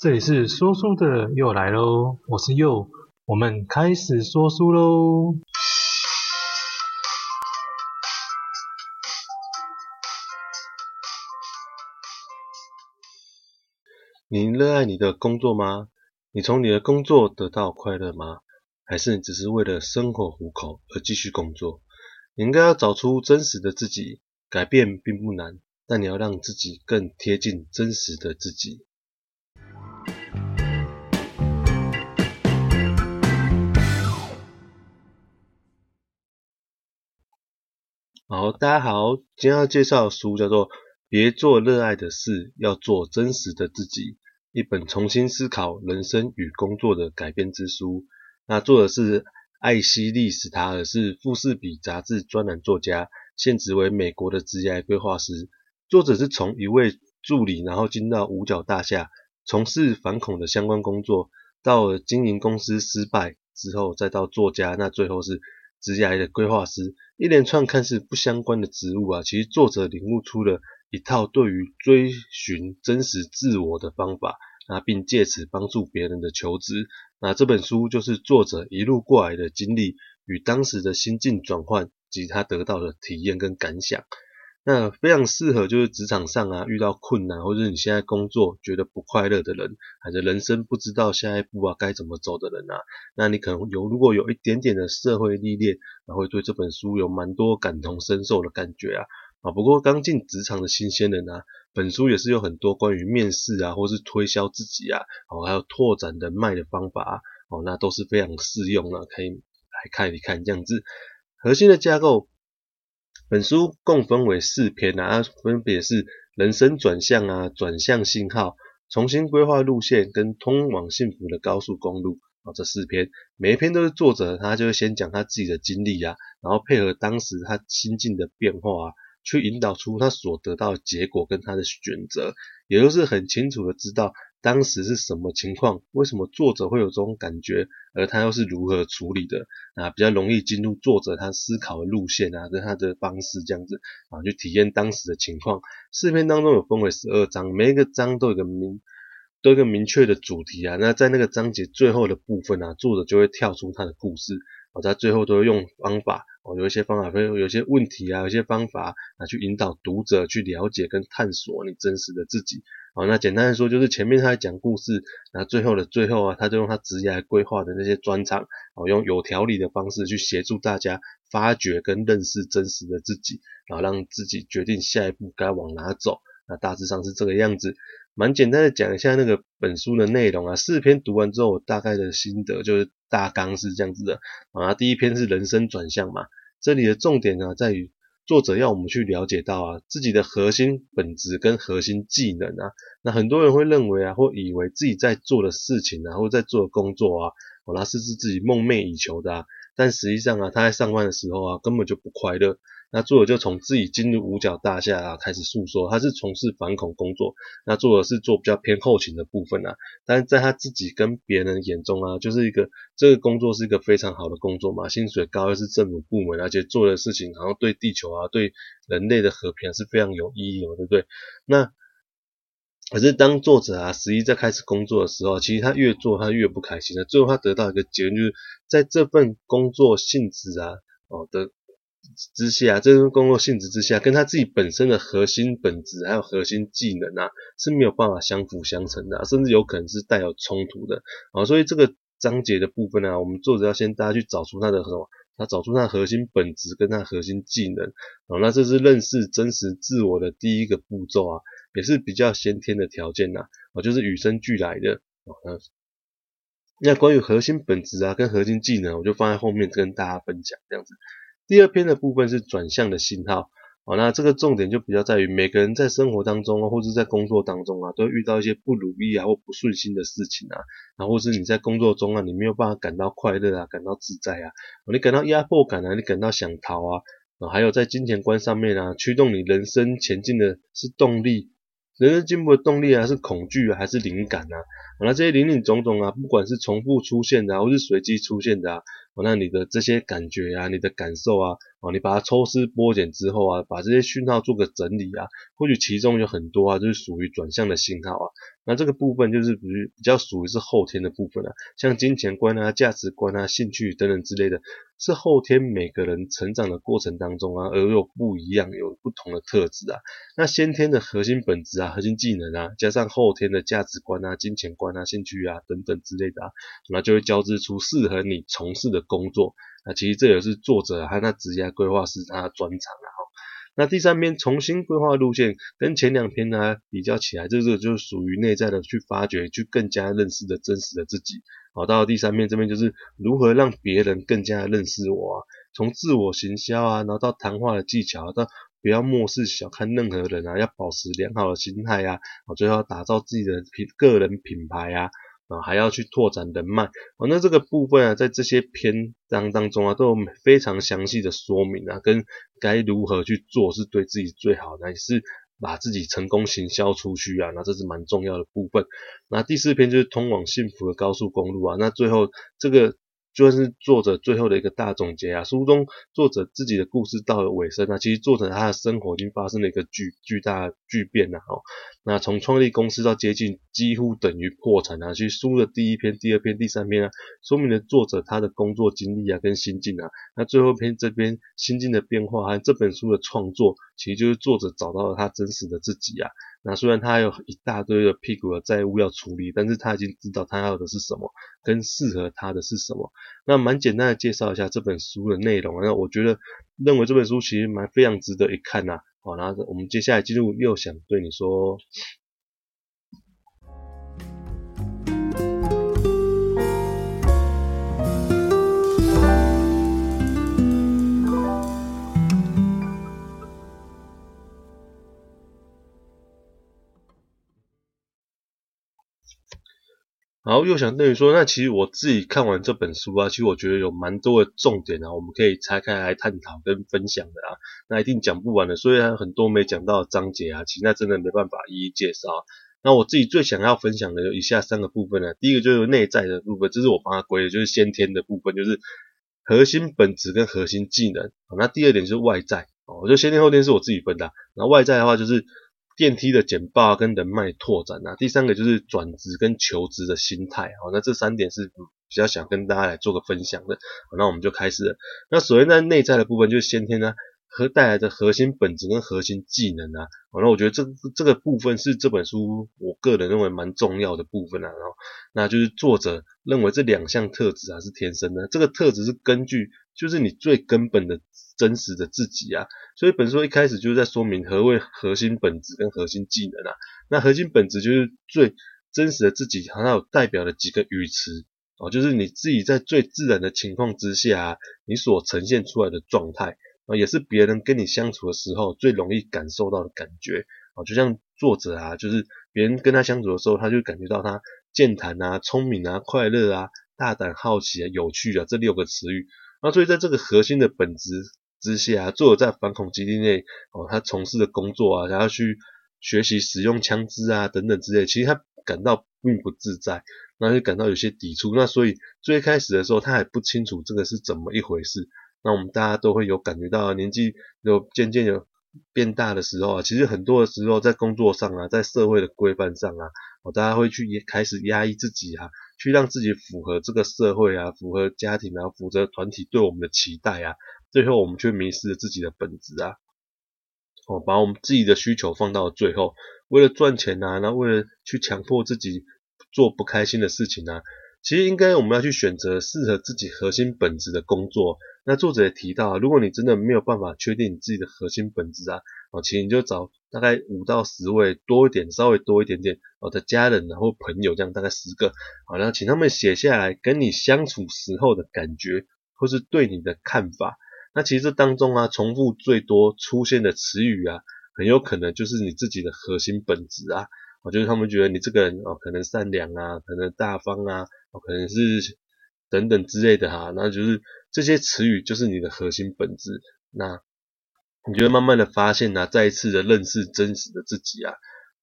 這裡是說書的佑來嘍，我是佑，我們開始說書嘍。你熱愛你的工作嗎？你從你的工作得到快樂嗎？還是你只是為了生活糊口而繼續工作？你應該要找出真實的自己，改變並不難，但你要讓自己更貼近真實的自己。好，大家好，今天要介紹的書叫做《別做熱愛的事，要做真實的自己》，一本重新思考人生與工作的改編之書。那作者是艾希莉·史塔爾，是富士比雜誌專欄作家，現職為美國的職業規劃師。作者是從一位助理，然後進到五角大廈從事反恐的相關工作，到經營公司失敗之後，再到作家，那最後是職涯的規劃師。一連串看似不相關的職務啊，其實作者領悟出了一套對於追尋真實自我的方法啊，並借此幫助別人的求職。那這本書就是作者一路過來的經歷與當時的心境轉換及他得到的體驗跟感想。那非常適合就是職場上啊遇到困難，或者你現在工作覺得不快樂的人，還是人生不知道下一步啊該怎麼走的人啊，那你可能有如果有一點點的社會歷練，然後會對這本書有蠻多感同身受的感覺啊啊。不過剛進職場的新鮮人啊，本書也是有很多關於面試啊，或是推銷自己啊，哦還有拓展人脈的方法啊，哦那都是非常適用啊，可以來看一看這樣子。核心的架構。本書共分為四篇啊，啊分別是人生轉向啊、轉向信號、重新規劃路線跟通往幸福的高速公路啊，這四篇，每一篇都是作者他就先講他自己的經歷啊，然後配合當時他心境的變化啊，去引導出他所得到的結果跟他的選擇，也就是很清楚的知道。當時是什麼情況？為什麼作者會有這種感覺？而他又是如何處理的？啊，比較容易進入作者他思考的路線啊，跟他的方式這樣子啊，去體驗當時的情況。四篇當中有分為十二章，每一個章都有一個明，都有個明確的主題啊。那在那個章節最後的部分啊，作者就會跳出他的故事，哦、啊，在最後都會用方法，哦、啊，有一些方法，會有一些問題啊，有一些方法啊，去引導讀者去了解跟探索你真實的自己。好，那簡單的說，就是前面他在講故事，然後最後的最後啊，他就用他職業來規劃的那些專長，哦，用有條理的方式去協助大家發掘跟認識真實的自己，然後讓自己決定下一步該往哪走。那大致上是這個樣子，蠻簡單的講一下那個本書的內容啊。四篇讀完之後，我大概的心得就是大綱是這樣子的。啊，第一篇是人生轉向嘛，這裡的重點啊在於。作者要我們去了解到啊，自己的核心本質跟核心技能啊，那很多人會認為啊，或以為自己在做的事情啊，或在做的工作啊，哦，那是是自己夢寐以求的啊，但實際上啊，他在上班的時候啊，根本就不快樂。那作者就從自己進入五角大廈啊開始訴說，他是從事反恐工作，那作者是做比較偏後勤的部分啊，但是在他自己跟別人眼中啊，就是一個這個工作是一個非常好的工作嘛，薪水高又是政府部門，而且做的事情然後對地球啊、對人類的和平啊，是非常有意義的哦，對不對？那可是當作者啊十一在開始工作的時候，其實他越做他越不開心了，最後他得到一個結論，就是在這份工作性質啊哦的。之下，這份工作性質之下，跟他自己本身的核心本質還有核心技能啊，是沒有辦法相輔相成的、啊，甚至有可能是帶有衝突的啊、哦。所以這個章節的部分呢、啊，我們作者要先大家去找出他的什麼？他找出他的核心本質跟他的核心技能啊、哦。那這是認識真實自我的第一個步驟啊，也是比較先天的條件吶啊、哦，就是與生俱來的啊、哦。那那關於核心本質啊跟核心技能，我就放在後面跟大家分享這樣子。第二篇的部分是轉向的信號、啊，好，那這個重點就比較在於每個人在生活當中啊，或者在工作當中啊，都會遇到一些不如意啊或不順心的事情啊，然、啊、後是你在工作中啊，你沒有辦法感到快樂啊，感到自在啊，啊你感到壓迫感啊，你感到想逃啊，啊，還有在金錢觀上面啊，驅動你人生前進的是動力，人生進步的動力啊，是恐懼啊，還是靈感啊，啊？那這些林林總總啊，不管是重複出現的、啊，或是隨機出現的、啊。那你的這些感覺啊，你的感受啊，啊，你把它抽絲剝繭之後啊，把這些訊號做個整理啊，或許其中有很多啊，就是屬於轉向的信號啊。那這個部分就是比比較屬於是後天的部分了啊，像金錢觀啊、價值觀啊、興趣等等之類的，是後天每個人成長的過程當中啊，而又不一樣，有不同的特質啊。那先天的核心本質啊、核心技能啊，加上後天的價值觀啊、金錢觀啊、興趣啊等等之類的啊，那就會交織出適合你從事的。工作，那其實這也是作者他、啊、有他職業規劃師他的專長啊。哈，那第三篇重新規劃的路線，跟前兩篇呢、啊、比較起來，這個就是屬於內在的去發掘，去更加認識的真實的自己。好、哦，到了第三篇這邊就是如何讓別人更加認識我、啊，從自我行銷啊，然後到談話的技巧、啊，到不要漠視小看任何人啊，要保持良好的心態啊，最後要打造自己的個人品牌啊。啊，還要去拓展人脈啊，那這個部分啊，在這些篇章當中啊，都有非常詳細的說明啊，跟該如何去做是對自己最好的，也是把自己成功行銷出去啊。那這是蠻重要的部分。那第四篇就是通往幸福的高速公路啊。那最後這個。就算是作者最後的一個大總結啊，書中作者自己的故事到了尾聲啊，其實作者他的生活已經發生了一個巨巨大的巨變了啊哦。那從創立公司到接近，幾乎等於破產啊。其實書的第一篇、第二篇、第三篇啊，說明了作者他的工作經歷啊跟心境啊。那最後篇這邊心境的變化和這本書的創作，其實就是作者找到了他真實的自己啊。那雖然他有一大堆的屁股的債務要處理，但是他已經知道他要的是什麼，跟適合他的是什麼。那蠻簡單的介紹一下這本書的內容啊，那我覺得認為這本書其實蠻非常值得一看吶，啊。好，然後我們接下來進入佑想對你說。然後又想對於說，那其實我自己看完這本書啊，其實我覺得有蠻多的重點啊，我們可以拆開來探討跟分享的啊，那一定講不完的，所以還有很多沒講到的章節啊，其實那真的沒辦法一一介紹。那我自己最想要分享的有以下三個部分呢，啊，第一個就是內在的部分，這是我幫他歸的，就是先天的部分，就是核心本質跟核心技能啊。那第二點就是外在，哦，我覺得先天後天是我自己分的啊，然後外在的話就是。電梯的簡報跟人脈拓展啊，第三個就是轉職跟求職的心態。好，那這三點是比較想跟大家來做個分享的，好，那我們就開始了。那首先在內在的部分，就是先天呢、啊、和帶來的核心本質跟核心技能啊，好，那我覺得這這個部分是這本書我個人認為蠻重要的部分啊，然後那就是作者認為這兩項特質啊是天生的，這個特質是根據。就是你最根本的真實的自己啊，所以本書一開始就在說明何謂核心本質跟核心技能啊。那核心本質就是最真實的自己，它有代表的幾個語詞哦，就是你自己在最自然的情況之下，你所呈現出來的狀態啊，也是別人跟你相處的時候最容易感受到的感覺啊。就像作者啊，就是別人跟他相處的時候，他就感覺到他健談啊、聰明啊、快樂啊。大膽、好奇啊、有趣啊，這六個詞語。那所以，在這個核心的本質之下，作者在反恐基地內哦，他從事的工作啊，然後去學習使用槍支啊等等之類，其實他感到並不自在，然後就感到有些抵觸。那所以最開始的時候，他還不清楚這個是怎麼一回事。那我們大家都會有感覺到年紀有漸漸有變大的時候啊，其實很多的時候在工作上啊，在社會的規範上啊。哦，大家會去也開始壓抑自己啊，去讓自己符合這個社會啊，符合家庭啊，符合團體對我們的期待啊，最後我們卻迷失了自己的本質啊，哦，把我們自己的需求放到了最後，為了賺錢吶，啊，那為了去強迫自己做不開心的事情呢，啊。其實應該我們要去選擇適合自己核心本質的工作。那作者也提到啊，如果你真的沒有辦法確定你自己的核心本質啊，哦，請你就找大概五到十位多一點，稍微多一點點的家人然後朋友這樣大概十個，好，然後請他們寫下來跟你相處時候的感覺或是對你的看法。那其實這當中啊，重複最多出現的詞語啊，很有可能就是你自己的核心本質啊，我就是他們覺得你這個人哦，可能善良啊，可能大方啊。可能是等等之類的哈、啊，然後就是這些詞語就是你的核心本質。那你就會慢慢的發現呢、啊，再一次的認識真實的自己啊。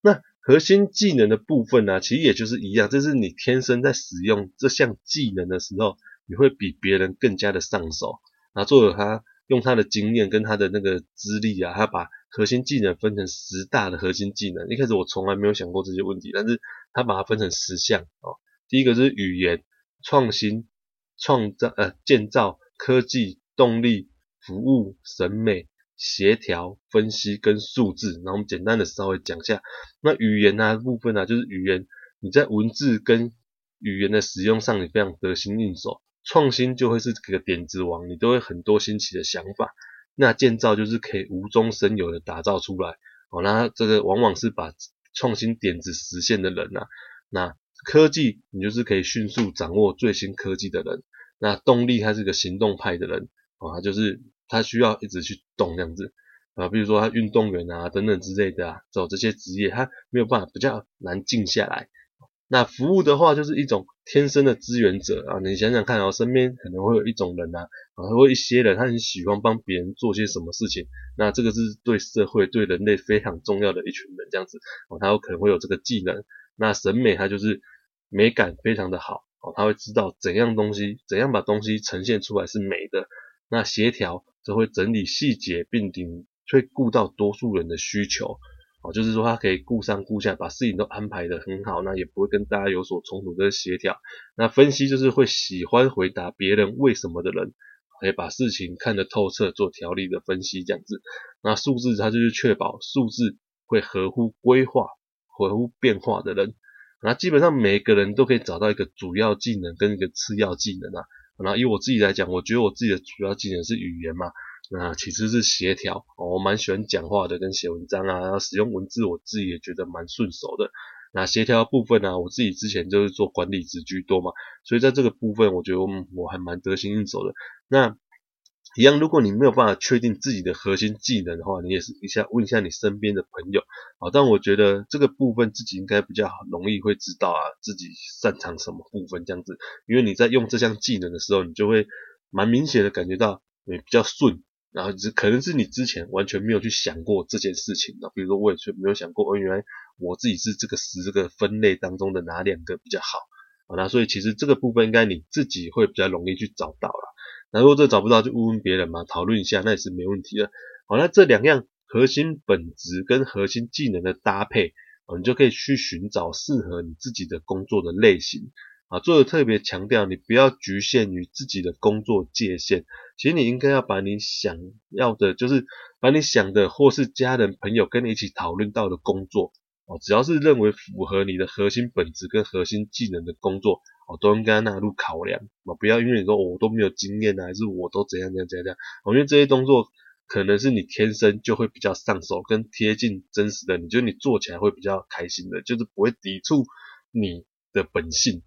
那核心技能的部分呢、啊，其實也就是一樣，這是你天生在使用這項技能的時候，你會比別人更加的上手。那作者他用他的經驗跟他的那個資歷啊，他把核心技能分成十大的核心技能。一開始我從來沒有想過這些問題，但是他把它分成十項哦。第一個就是語言創新、創造呃建造、科技動力、服務審美、協調分析跟數字。那我們簡單的稍微講一下，那語言呢、啊、部分呢、啊，就是語言你在文字跟語言的使用上，你非常得心應手，創新就會是個點子王。你都會很多新奇的想法。那建造就是可以無中生有的打造出來。好、哦，那這個往往是把創新點子實現的人吶、啊，那。科技，你就是可以迅速掌握最新科技的人。那動力，他是一個行動派的人啊、哦，他就是他需要一直去動這樣子啊。比如說他運動員啊等等之類的啊，走這，這些職業，他沒有辦法比較難靜下來。那服務的話，就是一種天生的支援者啊。你想想看啊、哦，身邊可能會有一種人吶啊，或、啊、一些人，他很喜歡幫別人做些什麼事情。那這個是對社會、對人類非常重要的一群人這樣子哦，他有可能會有這個技能。那審美他就是美感非常的好，哦，他會知道怎樣東西怎樣把東西呈現出來是美的。那協調則會整理細節並且會顧到多數人的需求，哦，就是說他可以顧上顧下，把事情都安排得很好，那也不會跟大家有所衝突跟協調。那分析就是會喜歡回答別人為什麼的人，可以把事情看得透徹，做條理的分析這樣子。那數字他就是確保數字會合乎規劃。會變化的人，那基本上每個人都可以找到一個主要技能跟一個次要技能啊。那以我自己來講，我覺得我自己的主要技能是語言嘛，那其實是協調。我蠻喜歡講話的跟寫文章啊，然後使用文字我自己也覺得蠻順手的。那協調的部分呢，啊，我自己之前就是做管理職居多嘛，所以在這個部分我覺得我還蠻得心應手的。那一樣，如果你沒有辦法確定自己的核心技能的話，你也是一下問一下你身邊的朋友啊。但我覺得這個部分自己應該比較好，容易會知道啊，自己擅長什麼部分這樣子。因為你在用這項技能的時候，你就會蠻明顯的感覺到，你比較順。然後只可能是你之前完全沒有去想過這件事情啊，比如說我也完全沒有想過，哦，原來我自己是這個十個分類當中的哪兩個比較好啊。那所以其實這個部分應該你自己會比較容易去找到了。然後這找不到就問問別人嘛，討論一下那也是沒問題的。好，那這兩樣核心本質跟核心技能的搭配，你就可以去尋找適合你自己的工作的類型。啊，作者特別強調，你不要局限於自己的工作界限。其實你應該要把你想要的，就是把你想的或是家人朋友跟你一起討論到的工作，哦，只要是認為符合你的核心本質跟核心技能的工作。哦，都應該要納入考量啊！不要因為你說、哦、我都沒有經驗啊，還是我都怎樣怎樣怎樣？我因為這些動作可能是你天生就會比較上手，跟貼近真實的，你覺得你做起來會比較開心的，就是不會抵觸你的本性。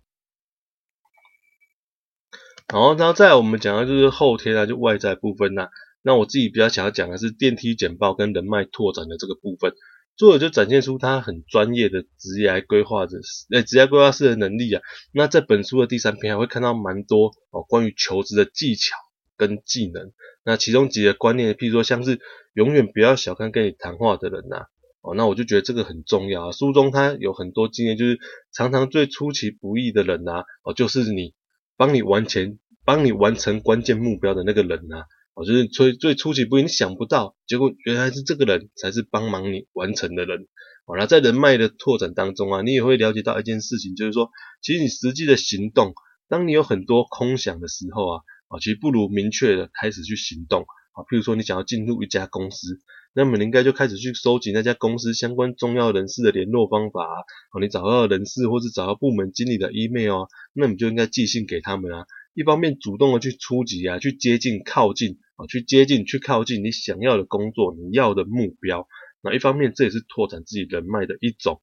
好然後，那再來我們講的就是後天啦、啊，就外在部分啦、啊。那我自己比較想要講的是電梯簡報跟人脈拓展的這個部分。作者就展現出他很專業的職業來規劃的誒，職業規劃師的能力啊。那在本書的第三篇還會看到蠻多哦，關於求職的技巧跟技能。那其中幾個觀念，譬如說像是永遠不要小看跟你談話的人吶、啊，哦，那我就覺得這個很重要啊。書中他有很多經驗，就是常常最出其不意的人吶、啊，哦，就是你幫你完成、幫你完成關鍵目標的那個人吶、啊。我覺得最最初級不一定想不到，結果原來是這個人才是幫忙你完成的人。好、啊，那在人脈的拓展當中啊，你也會了解到一件事情，就是說，其實你實際的行動，當你有很多空想的時候啊，啊其實不如明確的開始去行動啊。譬如說，你想要進入一家公司，那麼你應該就開始去收集那家公司相關重要人士的聯絡方法啊。啊你找到人事或是找到部門經理的 email 啊，那你就應該寄信給他們啊。一方面主動的去出擊啊，去接近、靠近。去接近、去靠近你想要的工作、你要的目標。那一方面，這也是拓展自己人脈的一種。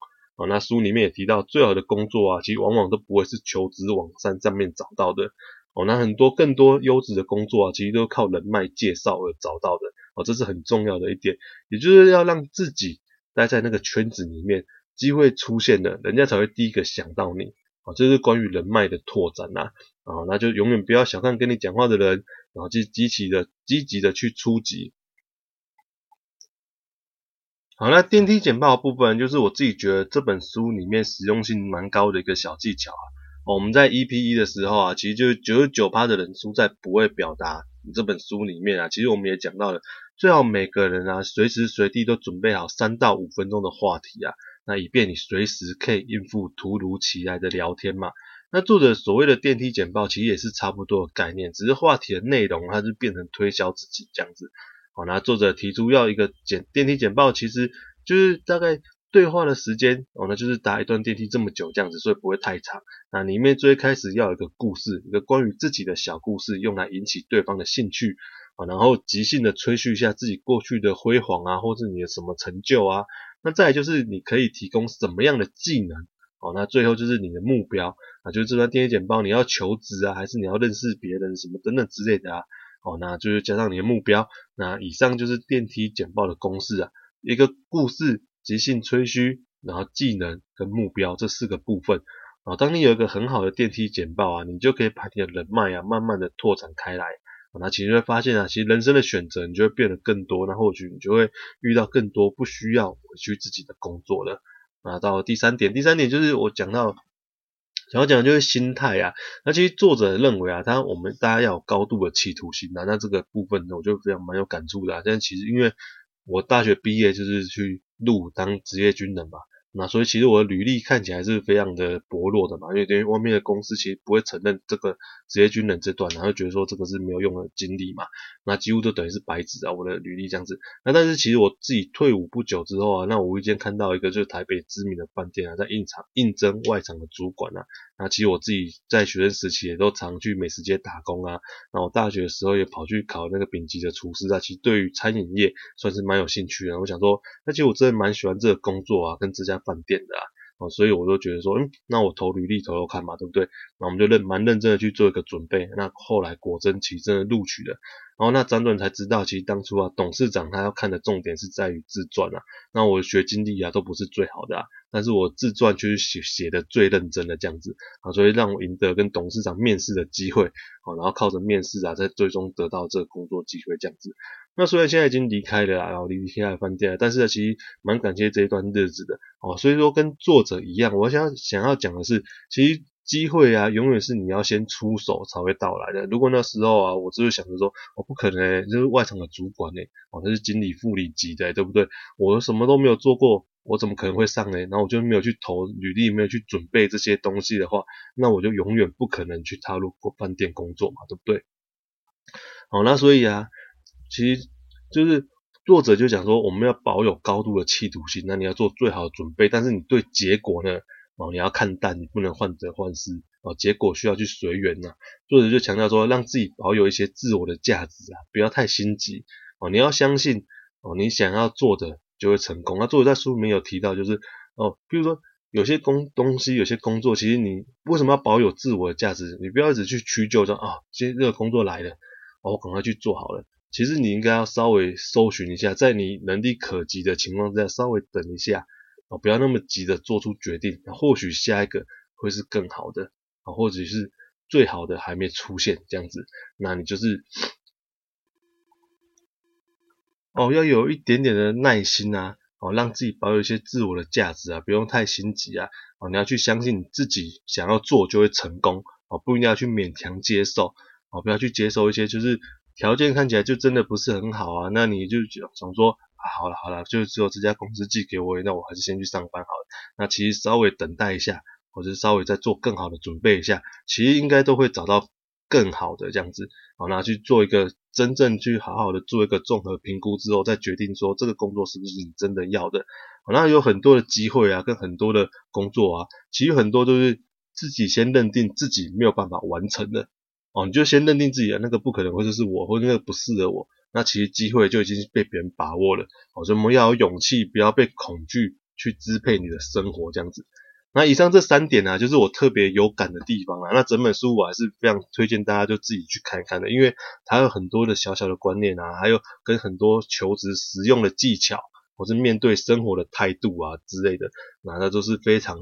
那書裡面也提到，最好的工作啊，其實往往都不會是求職網站上面找到的。哦，那很多更多優質的工作啊，其實都是靠人脈介紹而找到的。哦，這是很重要的一點，也就是要讓自己待在那個圈子裡面，機會出現了，人家才會第一個想到你。哦，這是關於人脈的拓展啊。哦，那就永遠不要小看跟你講話的人，然後就積極的積極的去出擊。好，那電梯簡報的部分就是我自己覺得這本書裡面實用性蠻高的一個小技巧啊。哦、我們在 EP1 的時候啊，其實就是99%的人輸在不會表達。你這本書裡面啊，其實我們也講到了，最好每個人啊，隨時隨地都準備好三到五分鐘的話題啊，那以便你隨時可以應付突如其來的聊天嘛。那作者所謂的電梯簡報，其實也是差不多的概念，只是話題的內容，它是變成推銷自己這樣子。好、啊，那作者提出要一個簡電梯簡報，其實就是大概對話的時間，哦、啊，那就是搭一段電梯這麼久這樣子，所以不會太長。那裡面最開始要有一個故事，一個關於自己的小故事，用來引起對方的興趣。啊，然後即興的吹噓一下自己過去的輝煌啊，或是你的什麼成就啊。那再來就是你可以提供什麼樣的技能。好、哦，那最後就是你的目標啊，就是這段電梯簡報你要求職啊，還是你要認識別人什麼等等之類的啊。好、哦，那就是加上你的目標。那以上就是電梯簡報的公式啊，一個故事、即興吹噓，然後技能跟目標這四個部分啊、哦。當你有一個很好的電梯簡報啊，你就可以把你的人脈啊慢慢的拓展開來、哦、那其實你會發現啊，其實人生的選擇你就會變得更多，那或許你就會遇到更多不需要委屈自己的工作了。啊，到第三點，第三點就是我講到，想要講就是心態啊。那其實作者認為啊，他我們大家要有高度的企圖心啊。那這個部分呢，我就非常蠻有感觸的啊。但其實因為我大學畢業就是去入伍當職業軍人吧。那所以其實我的履歷看起來是非常的薄弱的嘛，因為對於外面的公司其實不會承認這個職業軍人這段，然後覺得說這個是沒有用的經歷嘛，那幾乎都等於是白紙啊，我的履歷這樣子。那但是其實我自己退伍不久之後啊，那我無意間看到一個就是台北知名的飯店啊，在應場應徵外場的主管啊。那、啊、其實我自己在學生時期也都常去美食街打工啊，然後大學的時候也跑去考那個丙級的廚師啊，其實對於餐飲業算是蠻有興趣的。我想說，那其實我真的蠻喜歡這個工作啊，跟這家飯店的啊。哦，所以我都覺得說，嗯，那我投履歷投投看嘛，對不對？那我們就認蠻認真的去做一個準備。那後來果真，其實真的錄取了。然後那張段才知道，其實當初啊，董事長他要看的重點是在於自傳啊。那我學經歷啊都不是最好的，啊，但是我自傳就是寫寫得最認真的這樣子啊，所以讓我贏得跟董事長面試的機會啊，然後靠着面試啊，再最終得到這個工作機會這樣子。那雖然現在已經離開了啦，然後離開了飯店了，但是呢，其實蠻感謝這一段日子的哦。所以說，跟作者一樣，我想要，想要講的是，其實機會啊，永遠是你要先出手才會到來的。如果那時候啊，我只是想着說，我、哦、不可能誒就是外場的主管呢，哦，那是經理副理級的誒，對不對？我什麼都沒有做過，我怎麼可能會上呢？然後我就沒有去投履歷，沒有去準備這些東西的話，那我就永遠不可能去踏入過飯店工作嘛，對不對？好、哦，那所以啊。其實就是作者就講說，我們要保有高度的企圖心，那你要做最好的準備。但是你對結果呢，哦，你要看淡，你不能患得患失哦。結果需要去隨緣吶、啊。作者就強調說，讓自己保有一些自我的價值啊，不要太心急哦。你要相信哦，你想要做的就會成功。那作者在書裡面有提到，就是哦，譬如說有些工東西，有些工作，其實你為什麼要保有自我的價值？你不要一直去屈就，說，啊、哦，今天這個工作來了、哦，我趕快去做好了。其實你應該要稍微搜尋一下，在你能力可及的情況之下，稍微等一下啊、哦，不要那麼急的做出決定。或許下一個會是更好的啊、哦，或者是最好的還沒出現這樣子，那你就是哦，要有一點點的耐心啊，哦，讓自己保有一些自我的價值啊，不用太心急啊，哦，你要去相信你自己想要做就會成功啊、哦，不一定要去勉強接受啊、哦，不要去接受一些就是。條件看起來就真的不是很好啊，那你就想想說，啊、好了好了，就只有這家公司寄給我，那我還是先去上班好了。那其實稍微等待一下，或者稍微再做更好的準備一下，其實應該都會找到更好的這樣子。好，那去做一個真正，去好好的做一個綜合評估之後，再決定說這個工作是不是你真的要的。好，那有很多的機會啊，跟很多的工作啊，其實很多都是自己先認定自己沒有辦法完成的。哦，你就先認定自己的、啊、那個，不可能，或者是我，或者那個不適合我，那其實機會就已經被別人把握了。哦，所以我們要有勇氣，不要被恐懼去支配你的生活，這樣子。那以上這三點呢、啊，就是我特別有感的地方啊。那整本書我還是非常推薦大家就自己去看一看的，因為它有很多的小小的觀念啊，還有跟很多求職實用的技巧，或是面對生活的態度啊之類的，那那都是非常，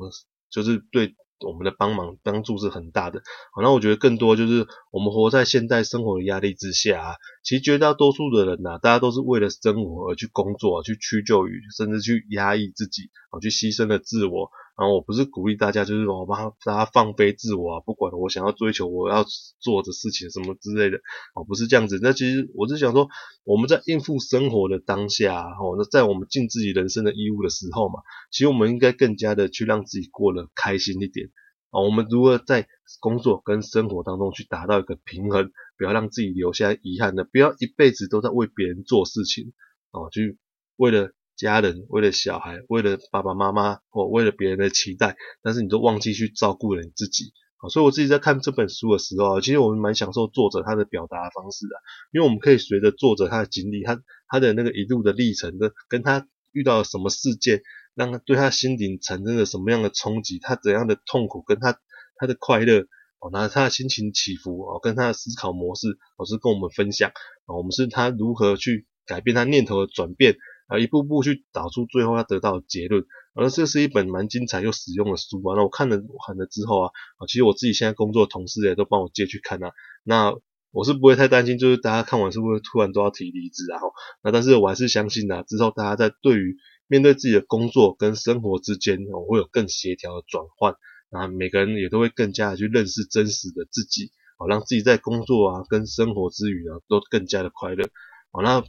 就是對。我們的幫忙幫助是很大的，好，那我覺得更多就是我們活在現代生活的壓力之下，啊，其實絕大多數的人吶，啊，大家都是為了生活而去工作，去屈就於，甚至去壓抑自己，去犧牲了自我。然後、啊、我不是鼓勵大家，就是說我幫大家放飛自我啊，不管我想要追求我要做的事情什麼之類的，哦，不是這樣子。那其實我是想說，我們在應付生活的當下，哦，那在我們盡自己人生的義務的時候嘛，其實我們應該更加的去讓自己過得開心一點啊、哦。我們如何在工作跟生活當中去達到一個平衡，不要讓自己留下遺憾的，不要一輩子都在為別人做事情，哦，去為了。家人為了小孩，為了爸爸媽媽，或為了別人的期待，但是你都忘記去照顧了你自己、哦。所以我自己在看這本書的時候，其實我們蠻享受作者他的表達的方式的、啊，因為我們可以隨着作者他的經歷，他他的那個一路的歷程跟他遇到什麼事件，讓他對他心靈產生了什麼樣的衝擊，他怎樣的痛苦，跟他他的快樂，哦，然後他的心情起伏，哦，跟他的思考模式，老師跟我們分享，哦、我們是他如何去改變他念頭的轉變。啊，一步步去導出最後要得到的結論，而、啊、這是一本蠻精彩又實用的書啊！那我看了、看了之後啊，啊，其實我自己現在工作的同事也都幫我借去看啊。那我是不會太擔心，就是大家看完是不是突然都要提離職啊？那、啊、但是我還是相信的、啊，之後大家在對於面對自己的工作跟生活之間，啊、會有更協調的轉換。啊，每個人也都會更加的去認識真實的自己，好、啊，讓自己在工作啊跟生活之餘啊都更加的快樂。好、啊，那。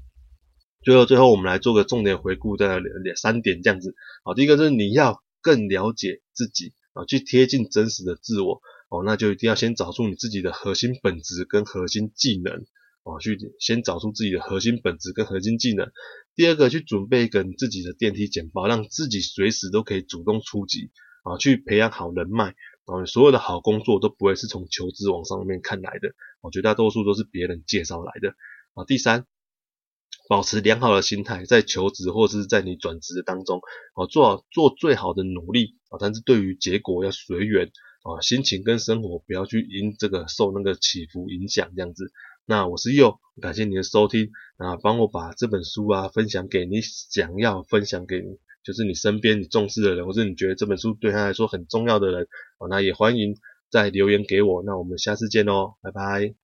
最後，最後我們來做個重點回顧，再來兩點，三點這樣子啊，第一個就是你要更了解自己啊，去貼近真實的自我哦，那就一定要先找出你自己的核心本質跟核心技能啊，去先找出自己的核心本質跟核心技能。第二個，去準備一個你自己的電梯簡報，讓自己隨時都可以主動出擊啊，去培養好人脈，啊，所有的好工作都不會是從求職網上面看來的哦，絕大多數都是別人介紹來的啊。第三，保持良好的心態，在求職或者是在你轉職的當中，做好做最好的努力啊，但是對於結果要隨緣啊，心情跟生活不要去因這個受那個起伏影響這樣子。那我是佑，感謝你的收聽啊，幫我把這本書啊分享給你想要分享給你，就是你身邊你重視的人，或者你覺得這本書對他來說很重要的人，那也歡迎再留言給我。那我們下次見囉，拜拜。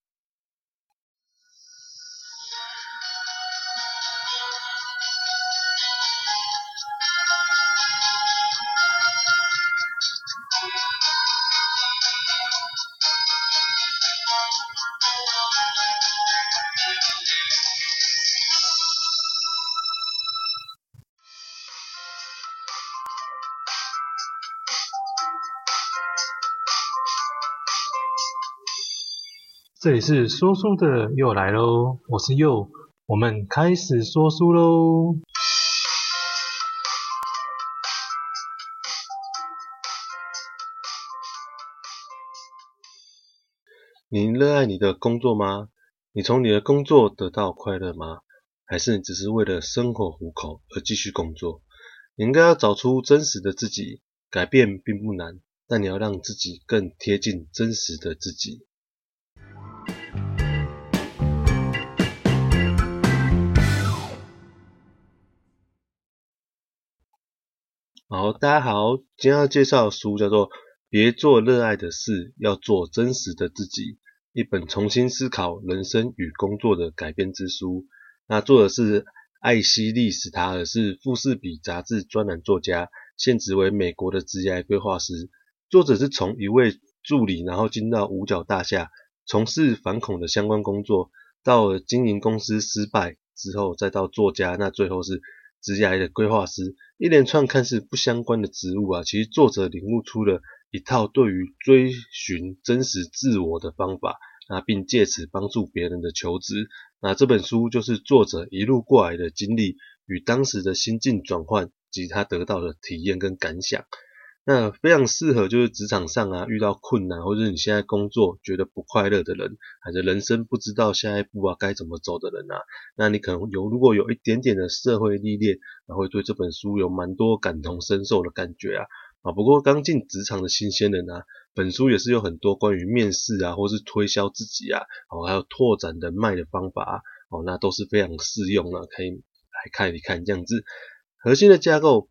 這裡是說書的佑來嘍，我是佑，我們開始說書嘍。你熱愛你的工作嗎？你從你的工作得到快樂嗎？還是你只是為了生活糊口而繼續工作？你應該要找出真實的自己，改變並不難，但你要讓自己更貼近真實的自己。好，大家好，今天要介紹的書叫做《別做熱愛的事，要做真實的自己》，一本重新思考人生與工作的改編之書。那作者是艾希莉·史塔爾，是富士比雜誌專欄作家，現職為美國的職業規劃師。作者是從一位助理，然後進到五角大廈，從事反恐的相關工作，到經營公司失敗之後，再到作家，那最後是。職涯的規劃師，一連串看似不相關的職務啊，其實作者領悟出了一套對於追尋真實自我的方法啊，並借此幫助別人的求職。那、啊、這本書就是作者一路過來的經歷與當時的心境轉換及他得到的體驗跟感想。那非常適合就是職場上啊，遇到困難，或者是你現在工作覺得不快樂的人，或者人生不知道下一步啊該怎麼走的人啊，那你可能有如果有一點點的社會歷練，然後會對這本書有蠻多感同身受的感覺啊啊。不過剛進職場的新鮮人啊，本書也是有很多關於面試啊，或是推銷自己啊，哦還有拓展人脈的方法啊，哦那都是非常適用啊，可以來看一看這樣子。核心的架構，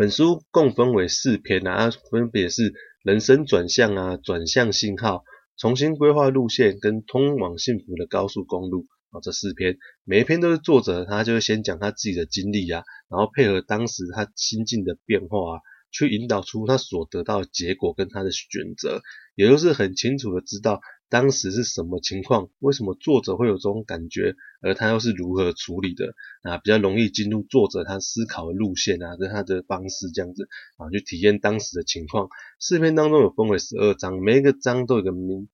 本書共分為四篇啊，啊分別是人生轉向啊、轉向信號、重新規劃路線跟通往幸福的高速公路啊，這四篇，每一篇都是作者他就會先講他自己的經歷啊，然後配合當時他心境的變化啊，去引導出他所得到的結果跟他的選擇，也就是很清楚的知道。當時是什麼情況？為什麼作者會有這種感覺？而他又是如何處理的？啊，比較容易進入作者他思考的路線啊，跟、就是、他的方式這樣子啊，去體驗當時的情況。四篇當中有分為十二章，每一個章都有一個明，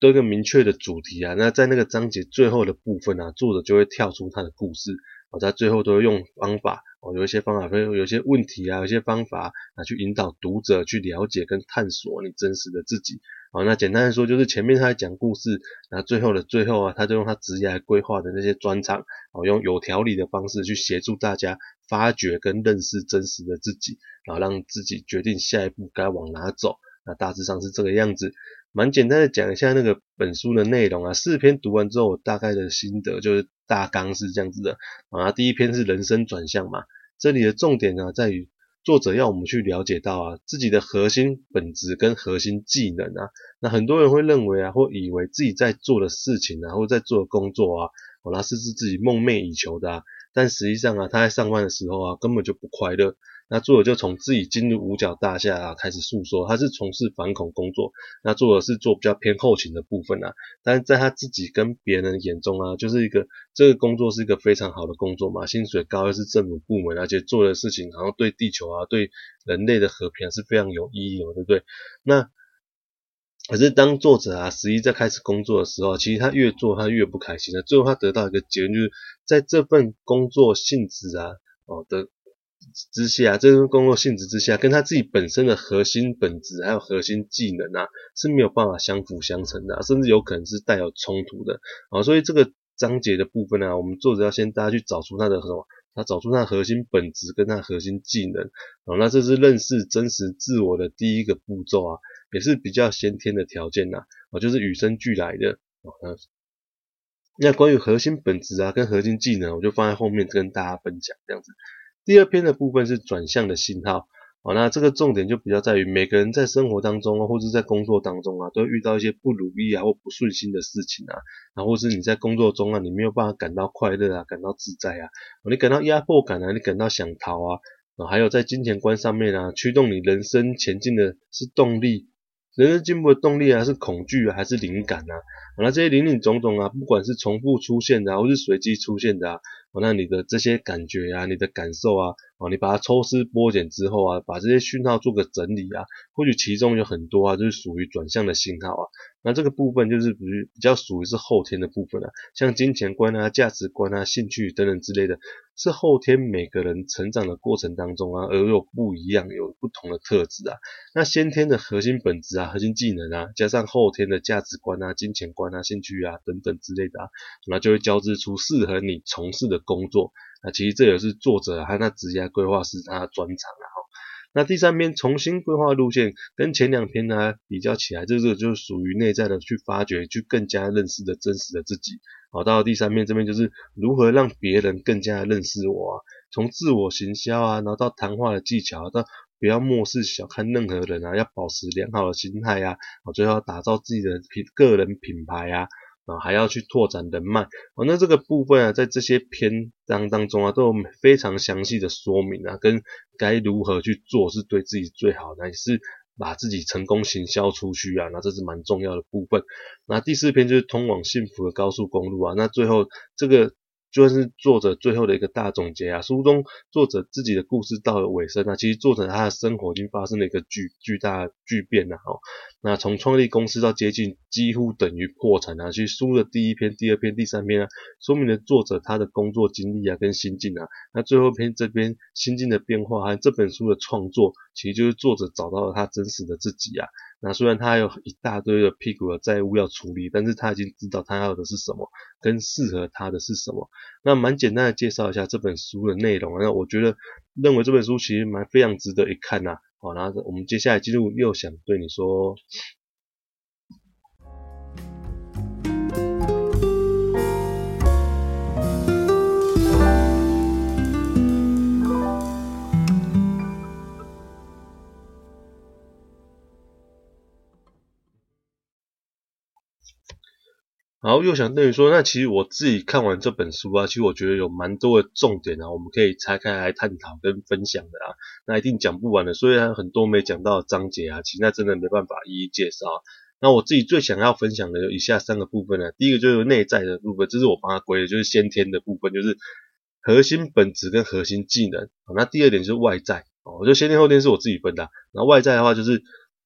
都有個明確的主題啊。那在那個章節最後的部分啊，作者就會跳出他的故事，哦、啊，在最後都會用方法，哦、啊，有一些方法，會有一些問題啊，有一些方法啊，去引導讀者去了解跟探索你真實的自己。好，那簡單的說，就是前面他在講故事，然後最後的最後啊，他就用他職業來規劃的那些專場，然後，用有條理的方式去協助大家發掘跟認識真實的自己，然後讓自己決定下一步該往哪走，那大致上是這個樣子。蠻簡單的講一下那個本書的內容啊，四篇讀完之後，我大概的心得就是大綱是這樣子的，啊，第一篇是人生轉向嘛，這裡的重點啊在於。作者要我們去了解到啊，自己的核心本質跟核心技能啊，那很多人會認為啊，或以為自己在做的事情啊，或在做的工作啊，哦，那是是自己夢寐以求的啊，但實際上啊，他在上班的時候啊，根本就不快樂。那作者就從自己進入五角大廈啊開始訴說，他是從事反恐工作，那作者是做比較偏後勤的部分啊，但是在他自己跟別人眼中啊，就是一個這個工作是一個非常好的工作嘛，薪水高又是政府部門，而且做的事情，然後對地球啊對人類的和平是非常有意義哦，對不對？那可是當作者啊十一在開始工作的時候，其實他越做他越不開心了，最後他得到一個結論，就是在這份工作性質啊哦的。之下，這份工作性質之下，跟他自己本身的核心本質還有核心技能啊，是沒有辦法相輔相成的、啊，甚至有可能是帶有衝突的、哦、所以這個章節的部分呢、啊，我們作者要先大家去找出他的什麼，他找出他的核心本質跟他的核心技能好、哦、那這是認識真實自我的第一個步驟啊，也是比較先天的條件吶啊、哦，就是與生俱來的、哦、那，那關於核心本質啊跟核心技能，我就放在後面跟大家分享這樣子。第二篇的部分是轉向的信號，好、啊、那這個重點就比較在於每個人在生活當中啊，或者在工作當中啊，都會遇到一些不如意啊或不順心的事情啊，然、啊、後或是你在工作中啊，你沒有辦法感到快樂啊，感到自在啊，啊你感到壓迫感啊，你感到想逃啊，啊，還有在金錢觀上面啊，驅動你人生前進的是動力，人生進步的動力啊，是恐懼啊，還是靈感啊？那、啊、這些林林種種啊，不管是重複出現的、啊，或是隨機出現的、啊。我那你的這些感覺啊，你的感受啊。哦、啊，你把它抽絲剝繭之後啊，把這些訊號做個整理啊，或許其中有很多啊，就是屬於轉向的信號啊。那這個部分就是屬於比較屬於是後天的部分啊，像金錢觀啊、價值觀啊、興趣等等之類的，是後天每個人成長的過程當中啊，而又不一樣、有不同的特質啊。那先天的核心本質啊、核心技能啊，加上後天的價值觀啊、金錢觀啊、興趣啊等等之類的啊，那就會交織出適合你從事的工作。那其實這也是作者和那職業規劃師他的專長啊，那第三篇重新規劃路線，跟前兩篇呢、啊、比較起來，就、這個就是屬於內在的去發掘，去更加認識的真實的自己好、哦，到了第三篇這邊就是如何讓別人更加認識我、啊，從自我行銷啊，然後到談話的技巧、啊，到不要漠視小看任何人啊，要保持良好的心態啊，最後要打造自己的品個人品牌啊。啊，還要去拓展人脈哦。那這個部分啊，在這些篇章當中啊，都有非常詳細的說明啊，跟該如何去做是對自己最好的，也是把自己成功行銷出去啊。那這是蠻重要的部分。那第四篇就是通往幸福的高速公路啊。那最後這個，就算是作者最後的一個大總結啊。書中作者自己的故事到了尾聲啊，其實作者的他的生活已經發生了一個巨巨大的巨變了、啊、哦。那從創立公司到接近，幾乎等於破產啊！去書的第一篇、第二篇、第三篇啊，說明了作者他的工作經歷啊，跟心境啊。那最後篇這邊心境的變化，和這本書的創作，其實就是作者找到了他真實的自己啊。那雖然他有一大堆的屁股的債務要處理，但是他已經知道他要的是什麼，跟適合他的是什麼。那蠻簡單的介紹一下這本書的內容啊，那我覺得認為這本書其實蠻非常值得一看吶、啊。好，然後我們接下來進入六，佑想對你說。然後又想對於說，那其實我自己看完這本書啊，其實我覺得有蠻多的重點啊，我們可以拆開來探討跟分享的啊，那一定講不完的，所以還有很多沒講到的章節啊，其實那真的沒辦法一一介紹。那我自己最想要分享的有以下三個部分呢、啊，第一個就是內在的部分，這是我幫他歸的，就是先天的部分，就是核心本質跟核心技能啊。那第二點就是外在，哦，我就先天後天是我自己分的、啊，然後外在的話就是。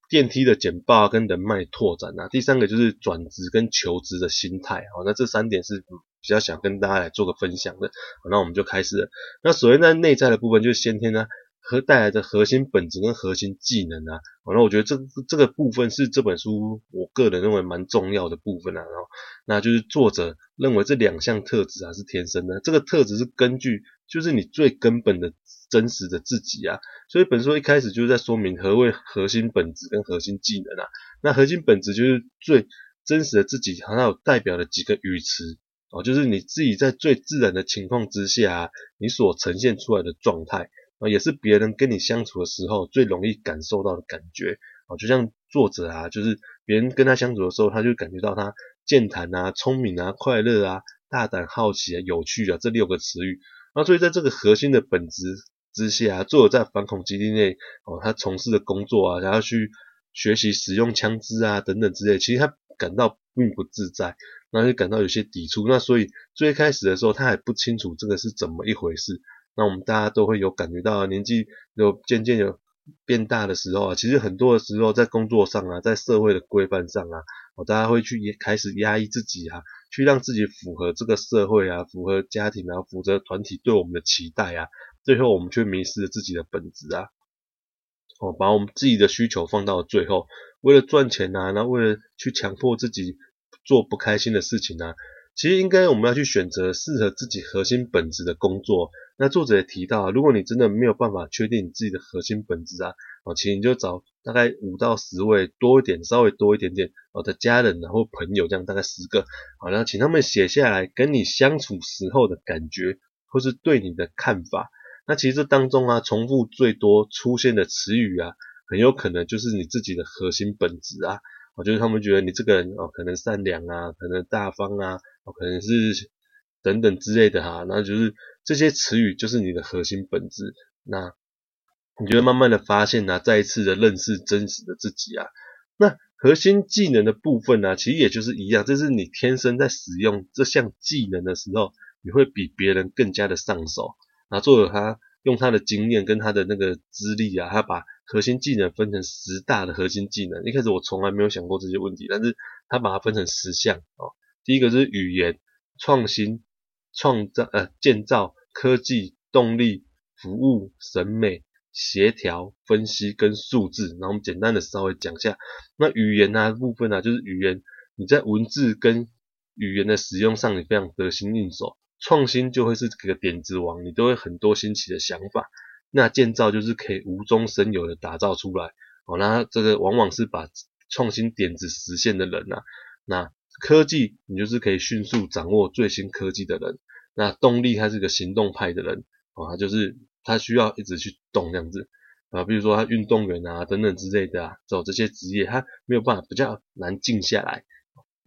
電梯的簡報跟人脈拓展啊，第三個就是轉職跟求職的心態啊，那這三點是比較想跟大家來做個分享的，好，那我們就開始了。那首先在內在的部分，就是先天呢、啊、和帶來的核心本質跟核心技能啊，好，那我覺得這這個部分是這本書我個人認為蠻重要的部分啊，然後，那就是作者認為這兩項特質啊，是天生的，這個特質是根據就是你最根本的。真實的自己啊，所以本書一開始就是在說明何謂核心本質跟核心技能啊。那核心本質就是最真實的自己，它有代表的幾個語詞啊、哦，就是你自己在最自然的情況之下、啊，你所呈現出來的狀態啊，也是別人跟你相處的時候最容易感受到的感覺啊、哦。就像作者啊，就是別人跟他相處的時候，他就感覺到他健談啊、聰明啊、快樂啊、大膽、好奇啊、有趣啊這六個詞語那、啊、所以在這個核心的本質。之下，做在反恐基地內，哦，他從事的工作啊，然後去學習使用槍支啊等等之類，其實他感到並不自在，那就感到有些抵觸。那所以最開始的時候，他還不清楚這個是怎麼一回事。那我們大家都會有感覺到啊，年紀有漸漸有變大的時候啊，其實很多的時候在工作上啊，在社會的規範上啊，哦，大家會去也開始壓抑自己啊，去讓自己符合這個社會啊，符合家庭啊，符合團體對我們的期待啊。最後我們卻迷失了自己的本質啊！把我們自己的需求放到了最後，為了賺錢啊，那為了去強迫自己做不開心的事情啊，其實應該我們要去選擇適合自己核心本質的工作。那作者也提到，如果你真的沒有辦法確定你自己的核心本質啊，其實你就找大概五到十位多一點，稍微多一點點的家人然後朋友這樣大概十個，好，然後請他們寫下來跟你相處時候的感覺或是對你的看法。那其實這當中啊，重複最多出現的詞語啊，很有可能就是你自己的核心本質啊。我覺得、是、他們覺得你這個人哦，可能善良啊，可能大方啊，哦、可能是等等之類的哈、啊。那就是這些詞語就是你的核心本質。那你就會慢慢的發現呢、啊，再一次的認識真實的自己啊。那核心技能的部分呢、啊，其實也就是一樣，這是你天生在使用這項技能的時候，你會比別人更加的上手。那、啊、作者他用他的經驗跟他的那個資歷啊，他把核心技能分成十大的核心技能。一開始我從來沒有想過這些問題，但是他把它分成十項哦。第一個就是語言、創新、創造、呃建造、科技、動力、服務、審美、協調、分析跟數字。然後我們簡單的稍微講一下，那語言啊部分呢、啊，就是語言你在文字跟語言的使用上，你非常得心應手。創新就會是這個點子王，你都會很多新奇的想法。那建造就是可以無中生有的打造出來。哦，那這個往往是把創新點子實現的人吶，啊。那科技你就是可以迅速掌握最新科技的人。那動力他是個行動派的人，啊，就是他需要一直去動這樣子。啊，比如說他運動員啊等等之類的啊，走這些職業他沒有辦法比較難靜下來。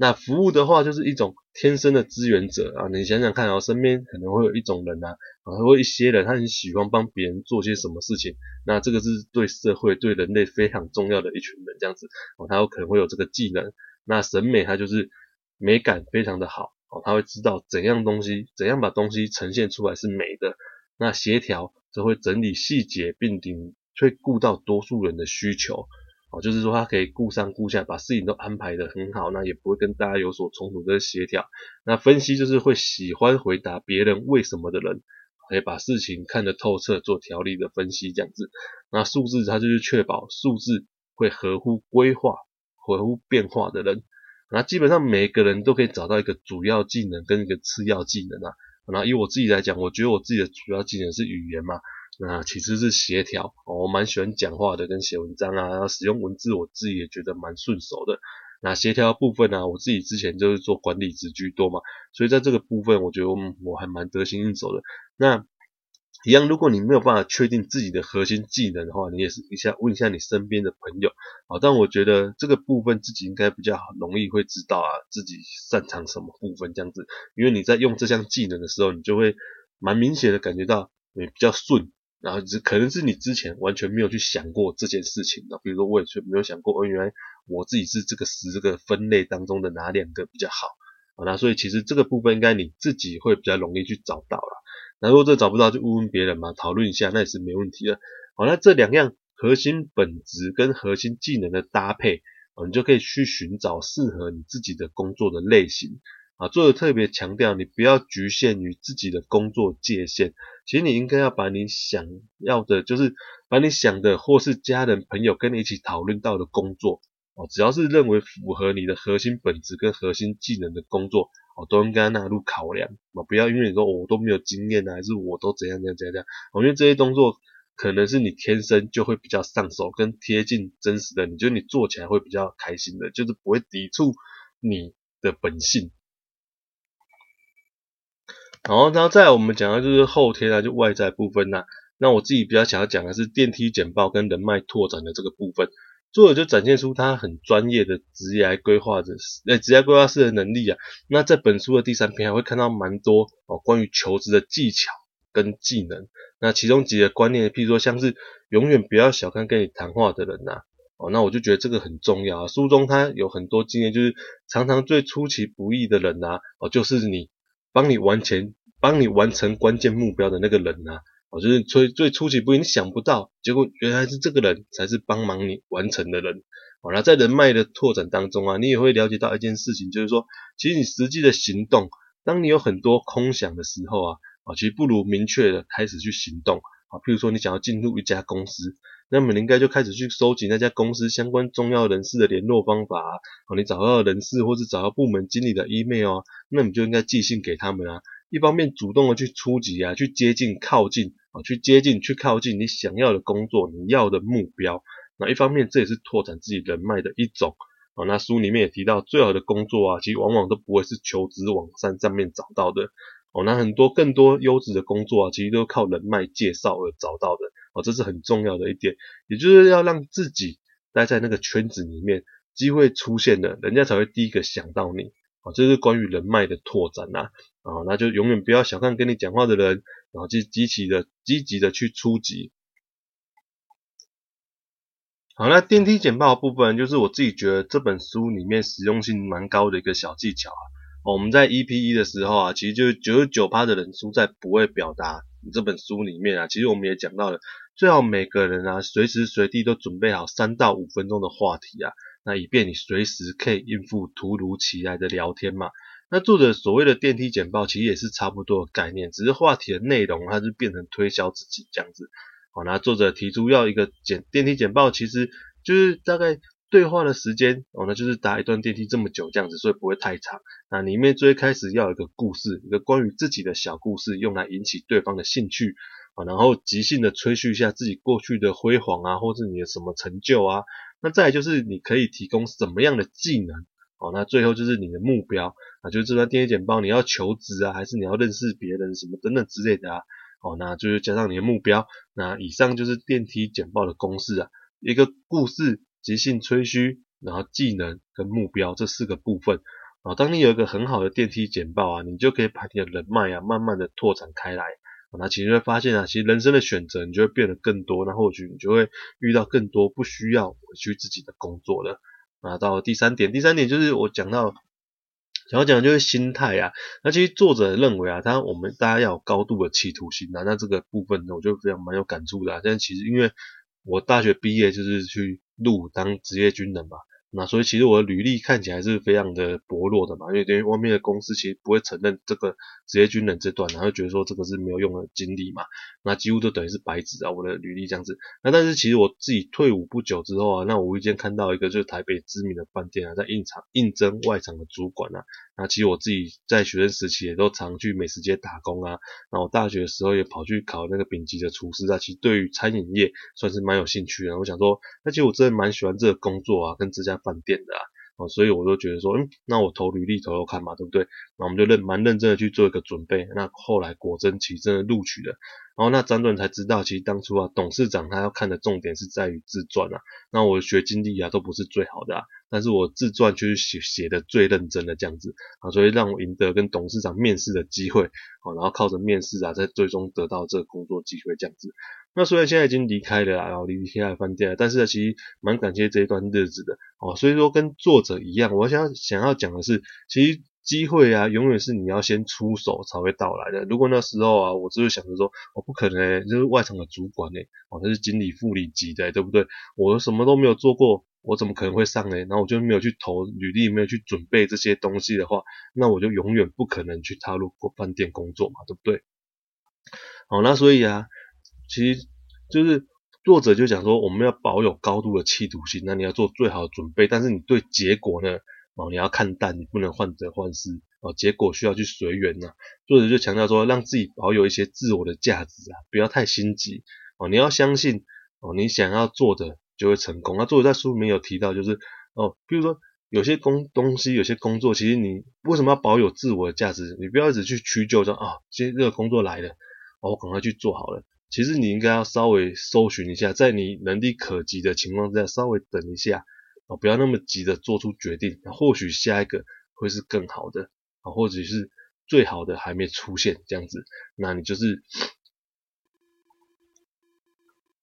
那服務的話，就是一種天生的支援者啊。你想想看啊、哦，身邊可能會有一種人吶、啊，啊，他會一些人，他很喜歡幫別人做些什麼事情。那這個是對社會、對人類非常重要的一群人，這樣子哦、啊，他有可能會有這個技能。那審美，他就是美感非常的好哦、啊，他會知道怎樣東西，怎樣把東西呈現出來是美的。那協調就會整理細節並定，會顧到多數人的需求。哦，就是說他可以顧上顧下，把事情都安排得很好，那也不會跟大家有所衝突跟協調。那分析就是會喜歡回答別人為什麼的人，可以把事情看得透徹，做條理的分析這樣子。那數字他就是確保數字會合乎規劃、合乎變化的人。那基本上每個人都可以找到一個主要技能跟一個次要技能啊。那以我自己來講，我覺得我自己的主要技能是語言嘛。啊，其實是協調、哦、我蠻喜歡講話的，跟寫文章啊，然後使用文字，我自己也覺得蠻順手的。那協調部分呢、啊，我自己之前就是做管理職居多嘛，所以在這個部分，我覺得我，我還蠻得心應手的。那一樣，如果你沒有辦法確定自己的核心技能的話，你也是一下問一下你身邊的朋友啊、哦。但我覺得這個部分自己應該比較容易會知道啊，自己擅長什麼部分這樣子，因為你在用這項技能的時候，你就會蠻明顯的感覺到，你比較順。然後可能是你之前完全沒有去想過這件事情的，比如說我也沒有想過，哦，原來我自己是這個十個分類當中的哪兩個比較好。好，那所以其實這個部分應該你自己會比較容易去找到了。那如果這找不到，就問問別人嘛，討論一下，那也是沒問題的。好，那這兩樣核心本質跟核心技能的搭配，你就可以去尋找適合你自己的工作的類型。啊，作者特別強調，你不要局限於自己的工作界限。其實你應該要把你想要的，就是把你想的，或是家人朋友跟你一起討論到的工作哦，只要是認為符合你的核心本質跟核心技能的工作哦，都應該納入考量啊！不要因為你說我都沒有經驗啊，還是我都怎樣怎樣怎樣，因為這些工作可能是你天生就會比較上手跟貼近真實的，你覺得你做起來會比較開心的，就是不會抵觸你的本性。然後，然後再來我們講的，就是後天啊，就外在部分吶、啊。那我自己比較想要講的是電梯簡報跟人脈拓展的這個部分。作者就展現出他很專業的職業來規劃的，誒，職業規劃師的能力啊。那在本書的第三篇，還會看到蠻多哦，關於求職的技巧跟技能。那其中幾個觀念，譬如說像是永遠不要小看跟你談話的人吶、啊。哦，那我就覺得這個很重要啊。書中他有很多經驗，就是常常最出其不意的人吶、啊，哦，就是你。幫你完成、幫你完成關鍵目標的那個人吶、啊，我就是最最出其不意、你想不到，結果原來是這個人才是幫忙你完成的人。好了，那在人脈的拓展當中啊，你也會了解到一件事情，就是說，其實你實際的行動，當你有很多空想的時候啊，其實不如明確的開始去行動。好，譬如說，你想要進入一家公司。那你應該就開始去收集那家公司相關重要人士的聯絡方法啊，啊你找到人事或是找到部門經理的 email 啊，那你就應該寄信給他們啊。一方面主動的去出擊啊，去接近、靠近啊，去接近、去靠近你想要的工作、你要的目標。那一方面這也是拓展自己人脈的一種啊。那書裡面也提到，最好的工作啊，其實往往都不會是求職網站上面找到的哦、啊。那很多更多優質的工作啊，其實都是靠人脈介紹而找到的。哦，這是很重要的一點，也就是要讓自己待在那個圈子裡面，機會出現了，人家才會第一個想到你。哦、啊，這、就是關於人脈的拓展吶、啊。哦、啊，那就永遠不要小看跟你講話的人，然、啊、後去積極的、積極的去出擊。好，那電梯簡報的部分就是我自己覺得這本書裡面實用性蠻高的一個小技巧啊。哦、我們在 EP1 的時候啊，其實就是99%的人輸在不會表達，你這本書裡面啊，其實我們也講到了，最好每個人啊，隨時隨地都準備好三到五分鐘的話題啊，那以便你隨時可以應付突如其來的聊天嘛。那作者所謂的電梯簡報，其實也是差不多的概念，只是話題的內容，它是變成推銷自己這樣子。好、哦，那作者提出要一個簡電梯簡報，其實就是大概。對話的時間，哦，那就是搭一段電梯這麼久這樣子，所以不會太長。那裡面最開始要有一個故事，一個關於自己的小故事，用來引起對方的興趣啊，然後即興的吹噓一下自己過去的輝煌啊，或是你的什麼成就啊。那再來就是你可以提供什麼樣的技能哦、啊，那最後就是你的目標啊，那就是這段電梯簡報你要求職啊，還是你要認識別人什麼等等之類的啊。哦、啊，那就是加上你的目標。那以上就是電梯簡報的公式啊，一個故事。即興吹噓，然後技能跟目標這四個部分啊，當你有一個很好的電梯簡報啊，你就可以把你的人脈啊，慢慢的拓展開來那、啊、其實會發現啊，其實人生的選擇你就會變得更多，然後我覺得你就會遇到更多不需要回去自己的工作了。啊。到了第三點，第三點就是我講到，想要講的就是心態啊。那其實作者認為啊，他我們大家要有高度的企圖心啊。那這個部分我就非常蠻有感觸的、啊。但其實因為我大學畢業就是去。入伍當職業軍人吧，那所以其實我的履歷看起來是非常的薄弱的嘛，因為對於外面的公司其實不會承認這個職業軍人這段，然後覺得說這個是沒有用的經歷嘛，那幾乎都等於是白紙啊，我的履歷這樣子。那但是其實我自己退伍不久之後啊，那我無意間看到一個就是台北知名的飯店啊，在應場應徵外場的主管啊。那、啊、其實我自己在學生時期也都常去美食街打工啊，然後大學的時候也跑去考那個丙級的廚師啊，其實對於餐飲業算是蠻有興趣的。然後我想說，那其實我真的蠻喜歡這個工作啊，跟這家飯店的啊，哦、所以我都覺得說，嗯，那我投履歷投投看嘛，對不對？那我們就認蠻認真的去做一個準備，那後來果真其實真的錄取了。然後、哦、那張頓才知道，其實當初啊，董事長他要看的重點是在於自傳啊。那我學經歷啊都不是最好的，啊。但是我自傳就是寫寫得最認真的這樣子啊，所以讓我贏得跟董事長面試的機會啊，然後靠着面試啊，在最終得到這個工作機會這樣子。那雖然現在已經離開了啊，然後離,離開了飯店，但是呢，其實蠻感謝這一段日子的哦、啊。所以說跟作者一樣，我想想要講的是，其實。機會啊，永遠是你要先出手才會到來的。如果那時候啊，我只是想着說，我不可能、欸、就是外場的主管呢、欸、哦、喔，那是經理副理級的、欸，對不對？我什麼都沒有做過，我怎麼可能會上呢？然後我就沒有去投履歷，沒有去準備這些東西的話，那我就永遠不可能去踏入過飯店工作嘛，對不對？好，那所以啊，其實就是作者就講說，我們要保有高度的企圖心，那你要做最好的準備，但是你對結果呢？哦，你要看淡，你不能患得患失哦。結果需要去隨緣呐。作者就強調說，讓自己保有一些自我的價值啊，不要太心急哦。你要相信哦，你想要做的就會成功。那、啊、作者在書裡面有提到，就是哦，譬如說有些工東西，有些工作，其實你為什麼要保有自我的價值？你不要一直去屈就說啊、哦，今天這個工作來了，哦、我趕快去做好了。其實你應該要稍微搜尋一下，在你能力可及的情況之下，稍微等一下。啊、哦，不要那麼急的做出決定，或許下一個會是更好的啊、哦，或者是最好的還沒出現這樣子，那你就是，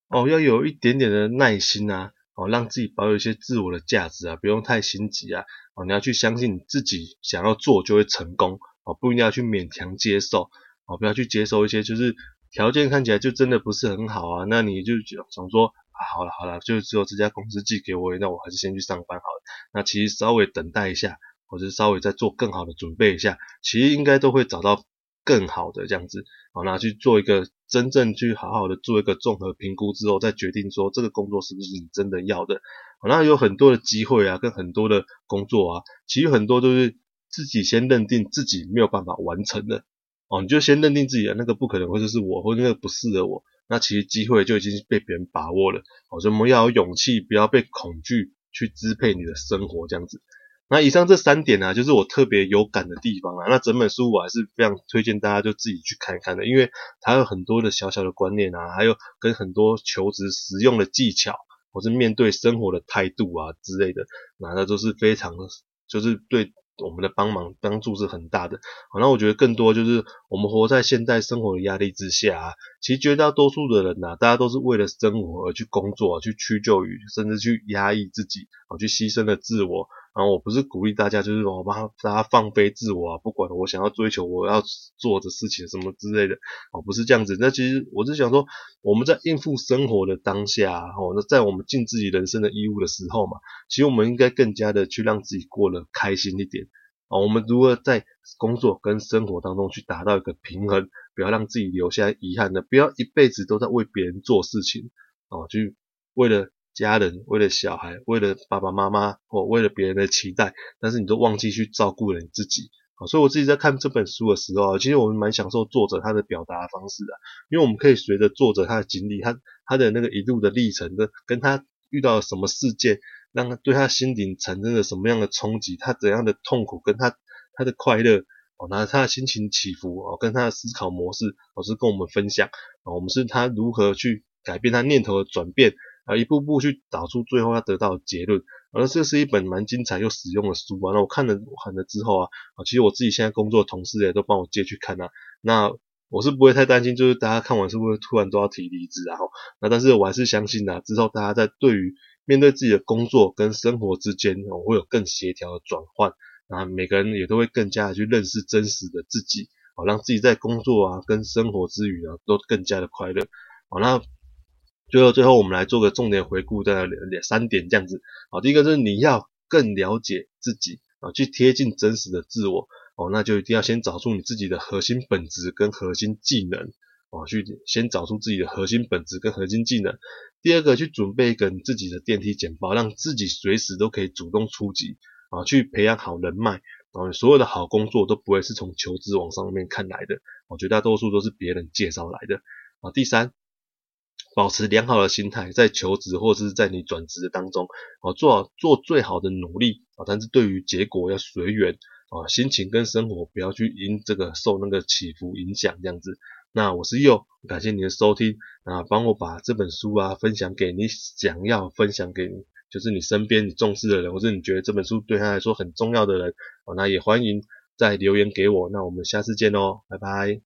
哦，要有一點點的耐心啊，哦，讓自己保有一些自我的價值啊，不用太心急啊，哦，你要去相信你自己想要做就會成功，哦，不一定要去勉強接受，哦，不要去接受一些就是條件看起來就真的不是很好啊，那你就想說。啊，好了好了，就只有這家公司寄給我，那我還是先去上班好了。那其實稍微等待一下，或者稍微再做更好的準備一下，其實應該都會找到更好的這樣子，哦，那去做一個真正去好好的做一個綜合評估之後，再決定說這個工作是不是你真的要的。好，那有很多的機會啊，跟很多的工作啊，其實很多都是自己先認定自己沒有辦法完成的，哦，你就先認定自己的，啊，那個不可能，或者是我或者那個不適合我。那其實機會就已經被別人把握了。好，所以我們要有勇氣，不要被恐懼去支配你的生活，這樣子。那以上這三點呢、啊，就是我特別有感的地方了、啊。那整本書我還是非常推薦大家就自己去看一看的，因為它有很多的小小的觀念啊，還有跟很多求職實用的技巧，或是面對生活的態度啊之類的，那那都是非常就是對，我們的幫忙幫助是很大的，好，那我覺得更多就是我們活在現代生活的壓力之下啊，其實絕大多數的人吶啊，大家都是為了生活而去工作，去屈就於甚至去壓抑自己，去犧牲了自我。然後、啊、我不是鼓勵大家，就是我幫、哦、大家放飛自我啊，不管我想要追求我要做的事情什麼之類的，哦，不是這樣子。那其實我是想說，我們在應付生活的當下、啊，哦，那在我們盡自己人生的義務的時候嘛，其實我們應該更加的去讓自己過得開心一點啊、哦。我們如何在工作跟生活當中去達到一個平衡，不要讓自己留下遺憾的，不要一輩子都在為別人做事情啊、哦，去為了。家人為了小孩，為了爸爸媽媽，或為了別人的期待，但是你都忘記去照顧了你自己、哦。所以我自己在看這本書的時候，其實我們蠻享受作者他的表達的方式的、啊，因為我們可以隨着作者他的經歷，他他的那個一路的歷程跟跟他遇到了什麼事件，讓他對他心靈產生了什麼樣的衝擊，他怎樣的痛苦，跟他他的快樂，哦，然後他的心情起伏，哦，跟他的思考模式，老師跟我們分享，哦、我們是他如何去改變他念頭的轉變。啊，一步步去導出最後要得到的結論，而、啊、這是一本蠻精彩又實用的書啊。那我看了、看了之後啊，啊，其實我自己現在工作的同事也都幫我借去看啊。那我是不會太擔心，就是大家看完是不是突然都要提離職啊？哈、啊，那但是我還是相信的、啊，之後大家在對於面對自己的工作跟生活之間，啊、會有更協調的轉換。啊，每個人也都會更加的去認識真實的自己，好、啊，讓自己在工作啊跟生活之餘啊都更加的快樂。好、啊，那。最後，最後我們來做個重點回顧，再兩點三點這樣子啊。第一個就是你要更了解自己啊，去貼近真實的自我哦，那就一定要先找出你自己的核心本質跟核心技能啊，去先找出自己的核心本質跟核心技能。第二個，去準備一個你自己的電梯簡報，讓自己隨時都可以主動出擊啊，去培養好人脈啊，所有的好工作都不會是從求職網上面看來的哦，絕大多數都是別人介紹來的啊。第三。保持良好的心態，在求職或是在你轉職的當中，做好做最好的努力啊，但是對於結果要隨緣啊，心情跟生活不要去因這個受那個起伏影響這樣子。那我是佑，感謝你的收聽啊，幫我把這本書啊分享給你想要分享給你，就是你身邊你重視的人，或是你覺得這本書對他來說很重要的人，那也歡迎再留言給我。那我們下次見囉，拜拜。